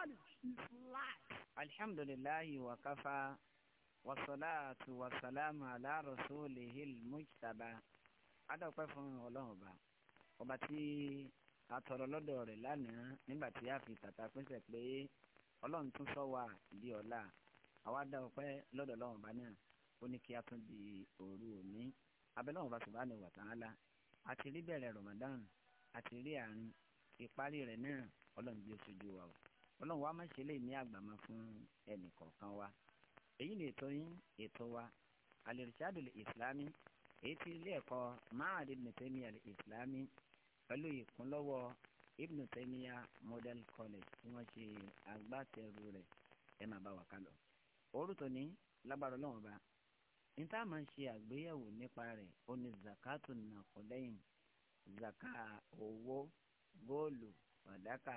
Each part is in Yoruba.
knowledge is life. alhamdulilayi wa kafa wa salatu wa salamu ala rasulihi mujtaba adọ́pẹ́ fún ọlọ́run ọba ọba tí a tọrọ lọ́dọ̀ rẹ̀ lánàá nígbà tí a fi tàtà pínṣẹ̀ pé ọlọ́run tún sọ wá di ọ̀la àwa dá ọpẹ́ lọ́dọ̀ ọlọ́run ọba náà ó ní kí a tún di òru òní abẹ́lọ́run ọba subhanahu wa ta'ala àti rí bẹ̀rẹ̀ Ramadan àti rí àárín ìparí rẹ̀ náà ọlọ́run bí ó ṣojú wa o ọlọ́run wa má ṣe lè ní àgbàmọ́ fún ẹnì kọ̀ọ̀kan wa èyí ni ètò yín ètò wa alirishadul islami èyí tí ilé ẹ̀kọ́ mahad ibn taymiya pẹ̀lú ìkúnlọ́wọ́ ibn taymiya model college tí wọ́n ṣe agbátẹrù rẹ̀ ẹ máa bá wa ká lọ. òru tòní lágbára ọlọ́run ọba ní tá a máa ṣe àgbéyẹ̀wò nípa rẹ̀ ó ní zakatu nàkọ́lẹ́yìn zaka owó góòlù fàdákà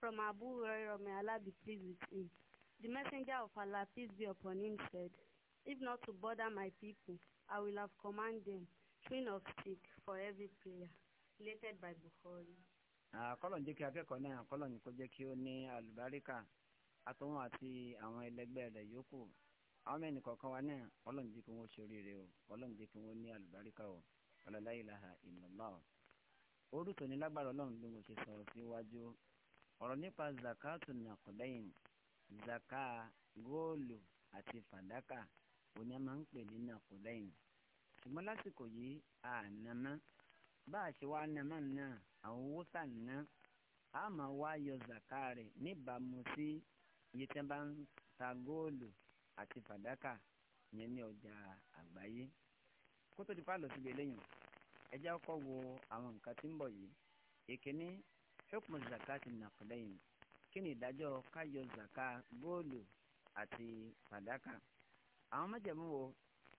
from Abu Hurairah, may Allah be pleased with him. The messenger of Allah, peace be upon him, said, If not to bother my people, I will have commanded them, twin of stick for every prayer. Related by Bukhari. Àkọ́lọ̀ ń jẹ́ kí akẹ́kọ̀ọ́ náà àkọ́lọ̀ ní kó jẹ́ kí ó ní àlùbáríkà àtòun àti àwọn ẹlẹgbẹ́ rẹ̀ yòókù. Àwọn mẹ́rin kọ̀ọ̀kan wa náà ọlọ́ ń jẹ́ kí wọ́n ṣoríire o, ọlọ́ ń jẹ́ kí wọ́n ní àlùbáríkà o, ọlọ́láìláha ìmọ̀lá o. Orúkọ ní lágbára ọlọ́run ló ń ṣe sọ̀rọ̀ síwájú ọ̀rọ̀ nípa zakatu nàkúdẹ́yìn zaka góòlù àti fàdákà òní a máa ń pè ní nàkúdẹ́yìn ṣùgbọ́n lásìkò yìí ànámá bá a ṣe wá ànámá náà àwọn owó sànná a máa wá yọ zaka rẹ̀ níbàámu sí iye tí wọ́n bá ń ta góòlù àti fàdákà yẹn ní ọjà àgbáyé kó tó di pálọ̀ síbi eléyìí ẹ jẹ́ wo àwọn nǹkan tí ń bọ̀ yìí èkíní hukmu zakati naqdayn kini ni ìdájọ́ káyọ zaka góòlù àti fàdákà àwọn májẹ̀mú wo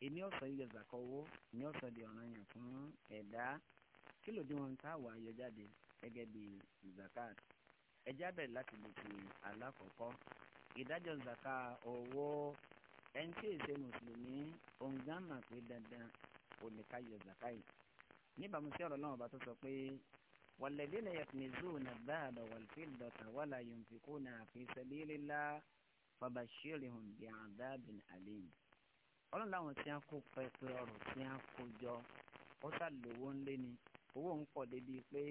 ìní ọ̀sọ̀ yíyọ zaka owó ìní ọ̀sọ̀ di ọ̀ranyàn fún ẹ̀dá kí lòdì wọn tá a wà yọ jáde gẹ́gẹ́ bí zakat ẹjá bẹ̀rẹ̀ láti lè fi alákọ̀ọ́kọ́ ìdájọ́ zaka owó ẹni tí èsè mùsùlùmí òǹgán mà pé dandan òní káyọ zaka yìí níbàámu sí ọ̀rọ̀ náà ọba tó sọ pé والذين يكنزون الذهب والفضة ولا ينفقونها في سبيل الله فبشرهم بعذاب أليم ọlọ́run láwọn tí wọ́n kó pẹpẹ ọ̀rọ̀ tí wọ́n kó jọ ó ṣàlówó ńlé ni owó ń pọ̀ débi pé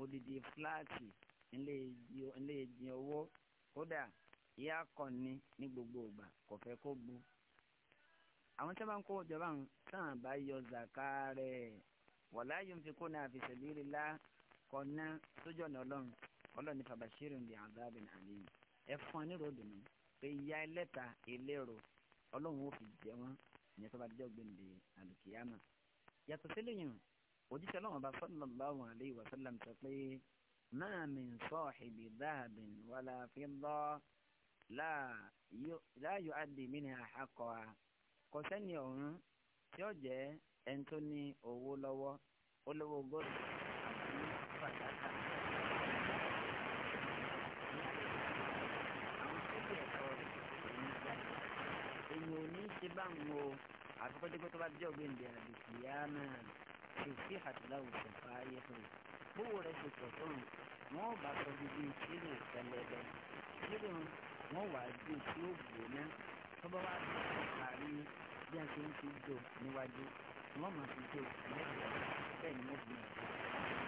odidi fúláàtì ńlé jin owó kódà ìyá kan ní ní gbogbo ìgbà kò fẹ́ kó bu àwọn tí wọ́n kó jọba ń tàn bá yọ zàkà rẹ̀ fi kó náà fi sẹ̀lérè lá kọ̀ọ̀nà sójú ọ̀nà ọlọ́run ọlọ́run ní fàbàṣírìn bíi azabin alim ẹ fún onírò dùnú pé ìyà ẹlẹ́ta ẹlẹ́rọ ọlọ́run ó fi jẹ wọ́n ní ẹ̀tọ́ bá dijọ́ gbẹ̀ǹde alùkìyàmà. yàtọ̀ sílẹ̀yìn òjíṣẹ́ ọlọ́run ọba sallallahu alayhi wa sallam sọ pé ma min sahibi dhahabin wala fidda la yu'addi minha haqqaha kò sẹ́ni ọ̀hún tí ó jẹ́ ẹni ní owó lọ́wọ́ olówó góòlù àti èyí ò ní ṣe bá ń wo àfikọ́jọ́gbọ́ tó bá jẹ́ ògbé ìdí ẹ̀rọ ìdí ìyá náà ṣe sí àtìláwò ṣẹ̀fà ayé fún mi gbówó rẹ̀ ṣe pọ̀ tó ń wọ́n bá sọ gbogbo ìṣẹ̀lẹ̀ ìṣẹ̀lẹ̀bẹ̀ ìṣẹ̀lẹ̀ wọn wà á gbé tí ó gbóná tó bá wá sí àárín bí a ṣe ń fi jò níwájú wọ́n mọ̀ sí jò lẹ́yìn bẹ́ẹ̀ ni wọ́n fi mọ̀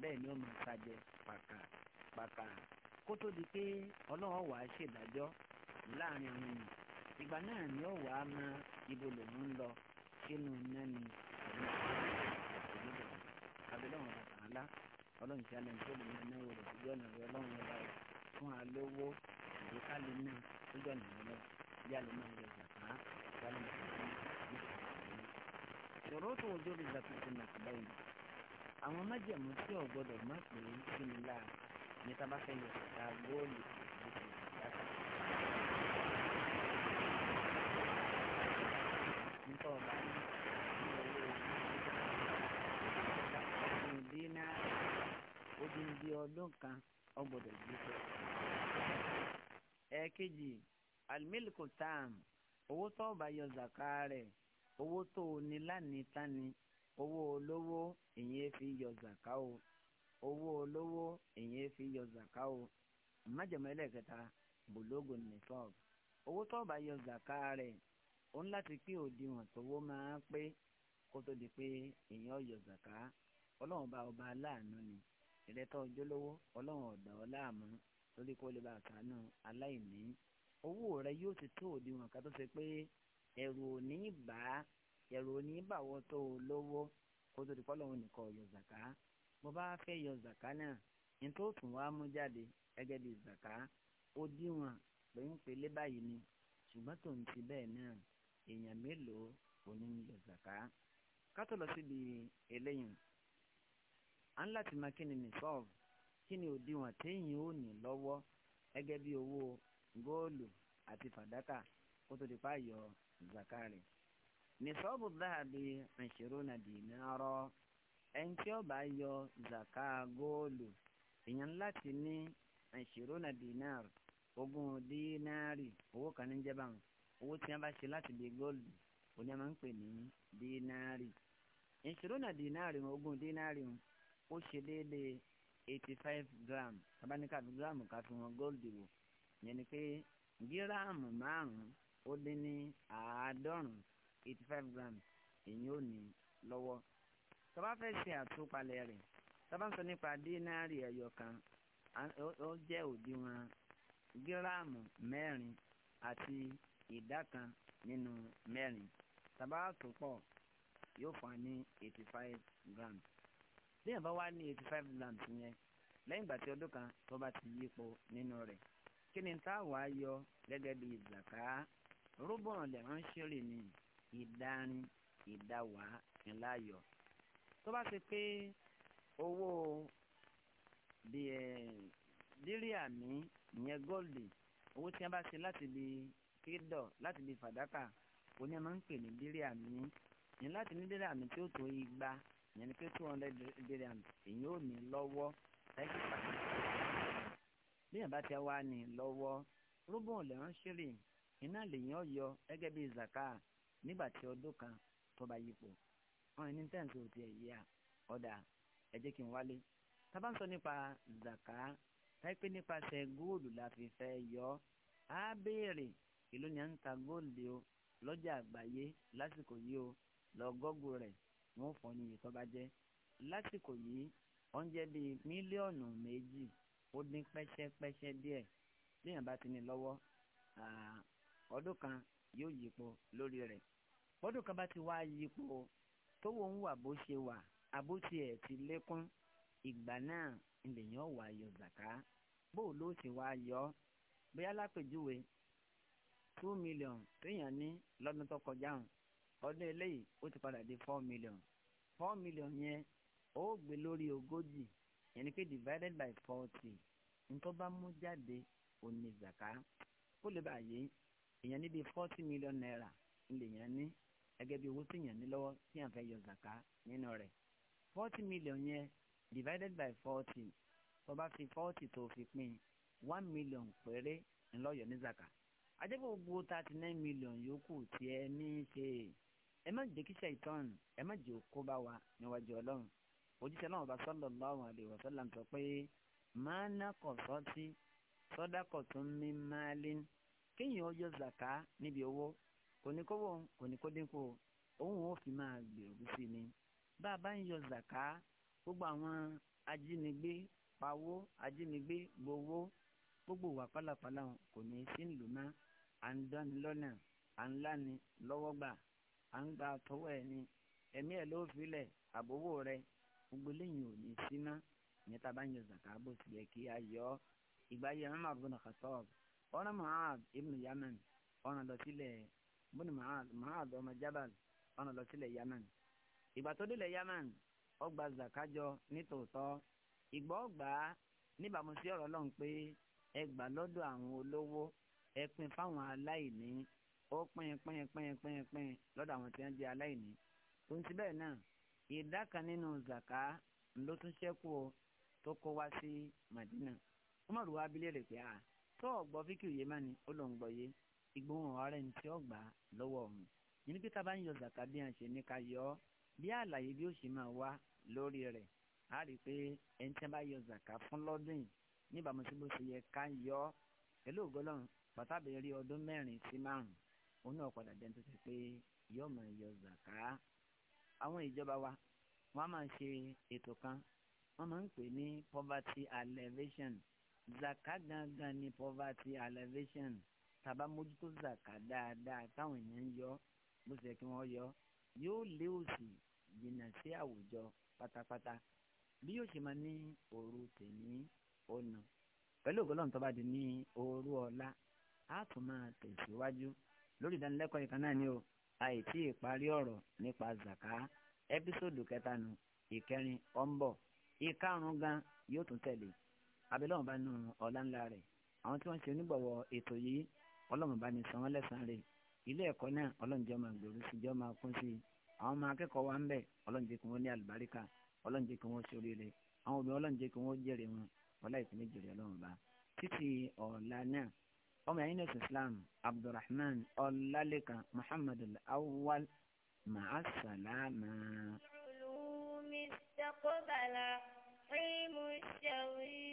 bẹ́ẹ̀ ni ó máa ṣàjẹ pàkà pàkà kó tó di pé ọlọ́wọ́ wà á ṣèdájọ́ láàrin àwọn èèyàn ìgbà náà ni ó wà á mọ ibo lòún ń lọ sínú iná ni àwọn ìṣẹ̀lẹ̀ abẹ́lẹ́ wọn bàtà ńlá ọlọ́run ti alẹ́ nítorí ìlú náà rẹ̀ lójú ọ̀nà rẹ̀ ọlọ́run ọba rẹ̀ fún alówó ìdíkàlẹ̀ náà lójú ọ̀nà rẹ̀ lọ bí alẹ́ máa ń lọ jàpá ìyá lọ́nà ìṣòro tó ojú rẹ̀ lọ́kùnrin àwọn májẹ̀mú tí ò gbọ́dọ̀ má pè é sí mi láà ní tá a bá fẹ́ lọ ṣẹ̀dá góòlù ìdíje ìdájọ́. nípa ọ̀la ní ọ̀rọ̀ ìdíná odindi ọdún kan ó gbọ́dọ̀ gbèsè. ẹ̀ẹ̀kejì alimílíkù táàmù owó tó bá yọ zàká rẹ̀ owó tó o ní lánìí tání owó olówó èyàn fi yọ o owó olówó èyàn fi yọ zàká o májèmọ́ ẹlẹ́kẹta bùlógò nìfọ́b owó tó bá yọ zàká rẹ̀ ó ń láti pín òdiwọ̀n tówó máa pé kó tó di pé yọ bá ọba aláàánú ni ìrẹ́tọ́ ojúlówó ọlọ́run ọdọ ọláàmú lórí kó lè bá aláìní owó rẹ yóò ti tó ká tó ṣe pé ẹ̀rù òní bàwọ́ tó o lówó kó tó di pọ́lọ́hún nìkan yọ zàká bó bá fẹ́ yọ zàká náà ní tó tún wá mú jáde gẹ́gẹ́ bí zàká ó díwọ̀n pèńpele báyìí ni ṣùgbọ́n tó ń ti bẹ́ẹ̀ náà èèyàn mélòó òní ń yọ zàká ká tó lọ síbi eléyìí à ń láti máa kí ni nìsọ́ọ̀f kí ni òdiwọ̀n téèyàn ò ní lọ́wọ́ gẹ́gẹ́ bí owó góòlù àti fàdákà kó tó di pa zàká rẹ̀ nìṣọ́bù dáàbí ìṣirúnà dìnnárọ́ ẹni tí ó bá yọ zaka góòlù èèyàn láti ní ìṣirúnà dínárì ogún dínárì owó kan ní jẹ́ báwọn owó tí wọ́n bá ṣe láti di góòlù òní a máa ń pè ní dínárì ìṣirúnà dínárì ogún dínárì ó ṣe déédéé eighty five gram tabaníkà gram ká fi wọn góòlù wò yẹn ni pé gíráàmù márùn-ún ó dín ní àádọ́rùn-ún eighty five grams èyí ò ní lọ́wọ́ tó bá fẹ́ ṣe àtúpalẹ̀ rẹ̀ tó bá ń sọ nípa dínárì ẹyọ kan ó jẹ́ òdiwọ̀n gíráàmù mẹ́rin àti ìdá kan nínú mẹ́rin tàbá tó pọ̀ yóò fún wa ní eighty five grams bí yẹn bá wá ní eighty five grams yẹn lẹ́yìn ìgbà tí ọdún kan tó bá ti yípo nínú rẹ̀ kí ni táwa yọ gẹ́gẹ́ bí zaka rúbọ̀n lẹ́hàn ṣẹ́rì nìyí ìdárin ìdáwàá ńláyọ̀ tó bá ṣe pé owó díríà mi ìyẹn góòlì owó tí wọ́n bá ṣe láti di kédọ̀ láti di fàdákà oní ẹ̀ máa ń pè ní díríà mi ní láti ní díríà mi tí ó tó igba ìyẹn ni pé two hundred dirham èyí ò ní lọ́wọ́ ninety percent bíyàn bá ti wá ní lọ́wọ́ rúbọ̀n lẹ́rán ṣírì iná lèyàn yọ gẹ́gẹ́ bí zaka nígbà tí ọdún kan tó bá yípo wọn ní tẹ́ǹtì ò tiẹ̀ yíya ọ̀dà ẹ kí n wálé tá ń sọ nípa zaka táìpé nípasẹ̀ góòlù la fi fẹ́ yọ á béèrè ìlú ni à ń ta góòlù o lọ́jà àgbáyé lásìkò yìí o lọ gọ́gù rẹ̀ wọ́n fọ́ ní iye tó bá jẹ́ lásìkò yìí wọ́n jẹ́ bíi mílíọ̀nù méjì ó dín pẹ́ṣẹ́pẹ́ṣẹ́ díẹ̀ léèyàn bá ti ní lọ́wọ́ ọdún kan yóò yípo lórí rẹ̀ bọ́dún kan bá ti wá yípo tó wò ń wà bó ṣe wà àbó tiẹ̀ ti lékún ìgbà náà lèèyàn wà yọ zàká bó ló ti wá yọ bóyá lápèjúwe two million téèyàn ní lọ́dún tó kọjá hàn ọdún eléyìí ó ti padà di four million four million yẹn ó gbé lórí ogójì yẹn ni pé divided by forty ntọ́ bá mú jáde òní zàká kó lè bàyè èèyàn níbi forty million naira lèèyàn ní gẹ́gẹ́ bí owó tìyàn ní lọ́wọ́ tí yàn fẹ́ yọ zaka nínú rẹ̀ forty million yẹn divided by forty tó bá fi forty tó fi pín one million péré ńlọ́yọ̀ ní zaka ajẹ́pọ̀ gbogbo thirty nine million yòókù tí ẹ ní í ṣe ẹ má jẹ́ kí ṣàìtàn ẹ má jẹ́ kó bá wa níwájú ọlọ́run òjíṣẹ́ náà bá sallallahu alaihi wasallam sọ pé máa ná kọ̀ sọ́tí sọ́dákọ̀ tó ń mí máa lé kéèyàn ó yọ zaka níbi owó kò ní kó wọ̀ kò ní kó dínkù òun ò fi máa gbèrú sí ni bá a bá ń yọ zàká gbogbo àwọn ajínigbé pawó ajínigbé gbowó gbogbo wà pálapàla kò ní sí ìlú náà à ń dáni lọ́nà à ń láni lọ́wọ́ gbà à ń gba tọwọ́ ẹ̀ ni ẹ̀mí ẹ̀ ló filẹ̀ àbówó rẹ gbogbo lẹ́yìn ò ní sí ná ní ta bá ń yọ zàká bó ti yẹ kí a yọ ìgbà yẹn Umar ibn Khattab ọ̀nà Mu'adh ibn Yaman ọ̀nà lọ sílẹ̀ bóni mahad mahad ọmọ jabal ọ̀nà lọ sílẹ̀ yaman ìgbà tó délẹ̀ yaman ó gba zakajọ nítòótọ́ ìgbà ọgbà níbàámu sí ọ̀rọ̀ lọ́n pé ẹ gbà lọ́dọ̀ àwọn olówó ẹ pín fáwọn aláìní ó pín pín pín pín pín lọ́dọ̀ àwọn tí wọ́n jẹ́ aláìní tó ń ti bẹ́ẹ̀ náà ìdá kan nínú zaka ló tún ṣẹ́kù o tó kó wá sí madina ó mọ̀rù wá abilé rẹ̀ pé a tó ọ̀gbọ́ fíkì òye má ó lòún gbọ́ yé ìgbóhùn ara ẹni tí ó gbà lọ́wọ́ ọ̀hún nínú pé tábà ń yọ zaka bí a ṣe ní ká yọ ọ́ bí àlàyé bí ó ṣe máa wá lórí rẹ̀ á rí i pé ẹni tí a bá yọ zaka fún lọ́dún yìí níbàámu sí bó ṣe yẹ ká yọ ọ́ pẹ̀lú ògbọ́lọ́ pàtàbẹ̀rẹ̀ ọdún mẹ́rin sí márùn òun náà padà dẹ́n tó ṣe pé yọ máa yọ zaka àwọn ìjọba wa wọ́n máa ṣe ètò kan wọ́n máa ń pè ní poverty alleviation zaka gangan ni poverty alleviation taba mójútó zaka dáadáa táwọn èèyàn ń yọ bó ṣe kí wọ́n yọ yóò lé òṣì jìnnà sí àwùjọ pátápátá bí yóò ṣe máa ní òru tèmi ọ̀nà pẹ̀lú ògbọ́lọ́n tó bá di ní òru ọ̀la á tún máa tẹ̀síwájú lórí ìdánilẹ́kọ̀ọ́ ìkan ni o àìtí ìparí ọ̀rọ̀ nípa zaka ẹ́písòdù kẹta nù ìkẹrin ọ̀nbọ̀ ìkarùn gan yóò tún tẹ̀lé abẹ́lẹ́ wọn bá nù ọ̀la ńlá rẹ̀ àwọn tí wọ́n ṣe onígbọ̀wọ́ ètò yìí ọlọ́run bá ní san wọ́n lẹ́sàn-án rẹ̀ ilé ẹ̀kọ́ náà ọlọ́run jọ máa gbèrú sí jọ máa kún sí i àwọn ọmọ akẹ́kọ̀ọ́ wa ń bẹ̀ ọlọ́run jẹ́ kí wọ́n ní àlùbáríkà ọlọ́run jẹ́ kí wọ́n ṣoríire àwọn obìnrin ọlọ́run jẹ́ kí wọ́n jèrè wọn ọlá ìpínlẹ̀ jèrè ọlọ́run bá títí ọ̀la náà ọmọ ẹ̀yìn nẹ́sìn Islam Abdulrahman Ọlálékan Muhammad Awwal ma'asalama.